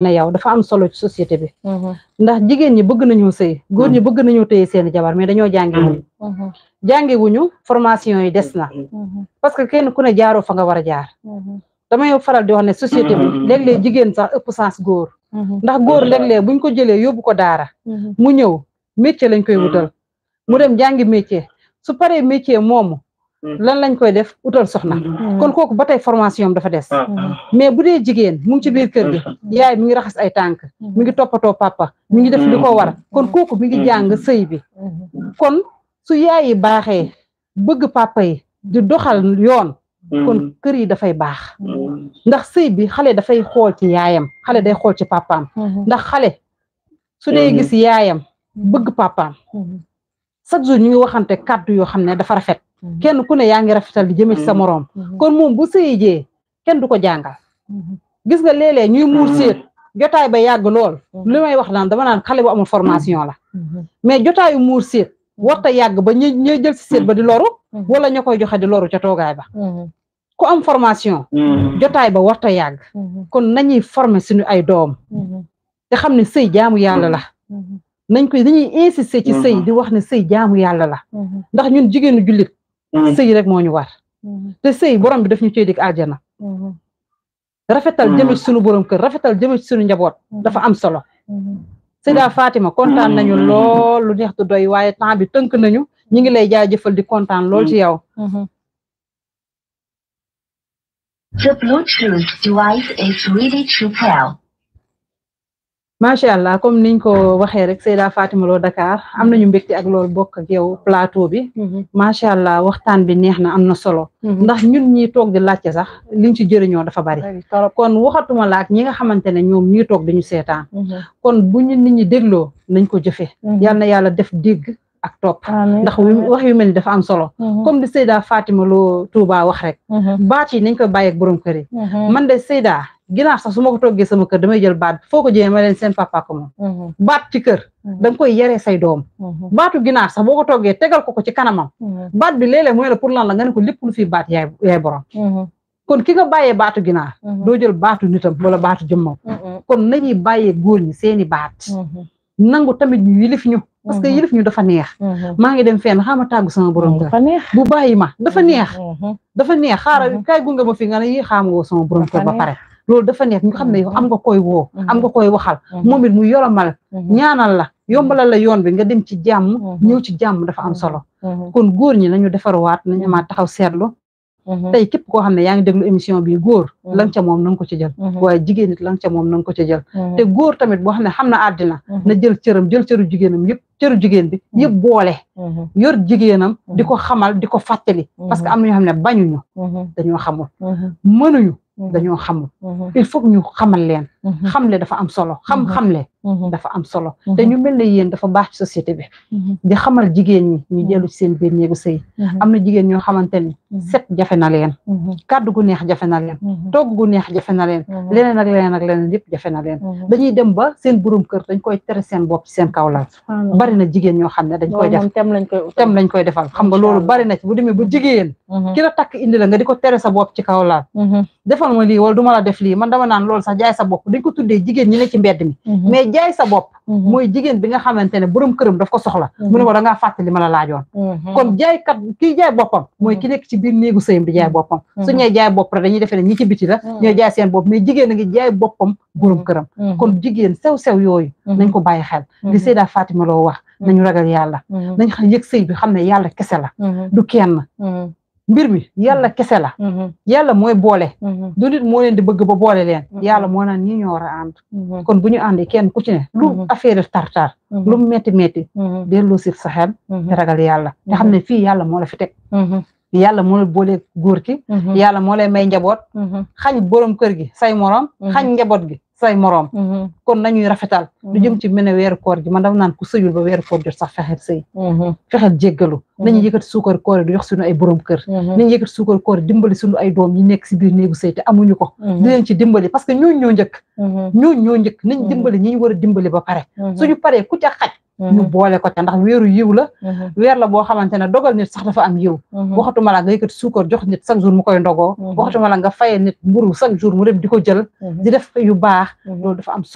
na yow dafa am solo ci société bi mm-hmm. ndax jigéen ñi bëgg nañu sëy góor ñi mm-hmm. bëgg nañu téye seeni jabar mais dañoo jàngewuñu mm-hmm. jàngewuñu formation yi des na parce que kenn ku ne jaaroo fa nga war a jaar damay faral di wax ne société bi léeg-léeg jigéen sax ëpp sens góor ndax góor léeg-léeg buñ ko jëlee yóbbu ko daara mu ñëw métier lañ koy wutal mu dem jàngi métier su paree métier moomu Mm-hmm. lan lañ koy def utal soxna mm-hmm. kon kooku ba tey formation am dafa des ah, ah. mais bu dee jigéen mu ci biir kër gi mm-hmm. yaay mi ngi raxas ay tànk mi ngi toppatoo papa mi ngi def li ko war kon kooku mi ngi jàng sëy bi kon su yaay yi baaxee bëgg papa yi di doxal yoon kon kër yi dafay baax ndax sëy bi xale dafay xool ci yaayam xale day xool ci papaam ndax xale su dee gis yaayam bëgg papaam chaque jour ñu ngi waxante kàddu yoo xam ne dafa rafet Mhm. kenn ku ne yaa ngi rafetal di jëme ci sa mhm. moroom mhm. kon moom bu sëyi jee kenn du ko jàngal gis nga léeg-léeg ñuy muur séet jotaay ba yàgg lool li may wax naan dama naan xale bu amul formation la mais jotaayu muur séet warta yàgg ba ñu ñuy jël si séet ba di loru wala ña koy joxe di loru ca toogaay ba ku am formation jotaay ba warta yàgg kon nañuy former suñu ay doom te xam ne sëy jaamu yàlla la nañ koy dañuy insister ci sëy di wax ne sëy jaamu yàlla la ndax Mmh. sëy rek moo ñu war mmh. te sëy borom bi daf ñu cee dig àjjana mmh. rafetal jëme ci sunu borom kër rafetal jëme ci njaboot dafa am solo Seyda Fatima kontaan nañu lool lu neex du doy waaye temps bi tënk nañu ñi ngi lay jaajëfal di kontaan lool ci yow macha allah comme niñ ko waxee rek Seyda Fatima Lo Dakar am nañu mbégte ak loolu bokk yow plateau bi mm-hmm. macha allah waxtaan bi neex na am na solo mm-hmm. ndax ñun ñi toog di laajte sax liñ ci jëriñoo dafa bari kon waxatuma laak ñi nga xamante ne ñoom ñii toog dañu seetaan mm-hmm. kon ni ñu nit ñi dégloo nañ ko jëfee yal na yàlla def dégg ak topp ndax wax yu mel ni dafa am solo mhm. comme di Seyda Fatima loo Touba wax rek mhm. baat yi nañ ko bàyyi ak borom kër yi mhm. man de Seyda ginaar sax su ma ko toggee sama kër damay jël baat foo ko jëlee ma leen seen papa ko moom baat ci kër bi léeg mooy la pour lan la nga ne ko lépp lu fi baat yaay yaay borom kon ki nga bàyyee baatu ginaar doo jël baatu nitam wala baatu jëmmam kon nañuy bàyyee góor ñi seeni baat nangu tamit ñu yilif ñu parce que mhm. yëlif ñu dafa neex mhm. maa ngi dem fenn xaama tàggu sama borom mhm. kër bu bàyyi ma dafa neex dafa neex xaaral kaay gunge ma fi nga ne yi xaam nga sama borom kër ba pare loolu dafa neex ñu xam ne yow am nga koy wo am nga koy waxal moom it mu yolomal ñaanal la yombalal la yoon bi nga dem ci jàmm ñëw ci jàmm dafa am solo kon góor ñi nañu defaruwaat nañu amaat taxaw seetlu Mm-hmm. tey képp koo xam ne yaa ngi déglu émission bi góor mm-hmm. la nga ca moom na nga ko ci jël mm-hmm. la nga ca moom na tamit boo xam ne xam na àddina na jël cëram jël cëru jigéenam yëpp cëru jigéen bi yëpp boole yor jigéenam di ko xamal di ko fàttali parce que am na ñoo xam ne bañuñu dañoo xamul mënuñu dañoo xamul il faut ñu xamal leen Mm-hmm. xamle dafa am solo xam-xamle mm-hmm. mm-hmm. dafa am solo te ñu melni yeen dafa baax société bi di xamal jigéen ñi ñu dellu seen bir néegu sey amna ñoo set jafé na leen kaddu gu neex jafé na leen togg gu neex jafé na leen leneen ak leneen ak leneen lépp jafé na leen dañuy dem ba seen burum kër dañ koy téré seen bop ci seen kawla bari na jigéen ñoo xamne dañ koy def tem lañ koy defal xam nga loolu bari na ci bu demé bu jigéen ki la tak indi la nga di ko sa bop ci kawla defal ma li wala duma la def li man dama naan loolu sax jaay sa bop dañ ko tuddee jigéen ñi ne ci mbedd mi mhm. mais jaay sa bopp mhm. mooy jigéen bi nga xamante ne borom këram daf ko soxla mhm. mu ne ko da ngaa fàtte li ma la laajoon kon jaaykat kii jaay boppam mooy ki nekk ci biir néegu sëyam di jaay boppam su ñee jaay bopp rek dañuy defee ne ñi ci biti la ñooy jaay seen bopp mais jigéen a ngi jaay boppam borom këram kon jigéen sew-sew yooyu nañ ko bàyyi xel li da Fatima loo wax nañu ragal yàlla nañ xam yëg sëy bi xam na yàlla kese la du mbir mi yàlla mm-hmm. kese la mm-hmm. yàlla mooy boole mm-hmm. du nit moo leen di ba boole leen yàlla moo naan ñi ñoo war a ànd kon bu ñu àndee kenn ku ci ne lu affaire tartar lu metti metti delloo si sa xel te ragal yàlla te xam ne fii yàlla moo la boole góor ki mm-hmm. yàlla moo lay may njaboot mm-hmm. xañ borom gi say moroom mm-hmm. xañ njaboot gi say moroom kon nañuy rafetal lu jëm ci mene weeru koor gi man naan ku sëyul ba weeru koor jot sax fexeel sëy fexeel jéggalu nañu yëkkati suukar koor di jox suñu ay borom kër nañu yëkkati suukar koor dimbali suñu ay doom yi nekk si biir néegu sëy te amuñu ko di leen njëkk ñooñu ñoo dimbali ñi ñu a dimbali ba pare suñu paree ku ca xaj ñu mhm. boole ko ca ndax weeru yiw la mhm. weer la boo xamante a dogal nit sax dafa am yiw mhm. waxatuma la nga yëkkati suukar jox nit chaque jour mu koy ndogoo waxatuma la nga faye nit mburu chaque jour mu dem di ko jël di def yu baax loolu dafa am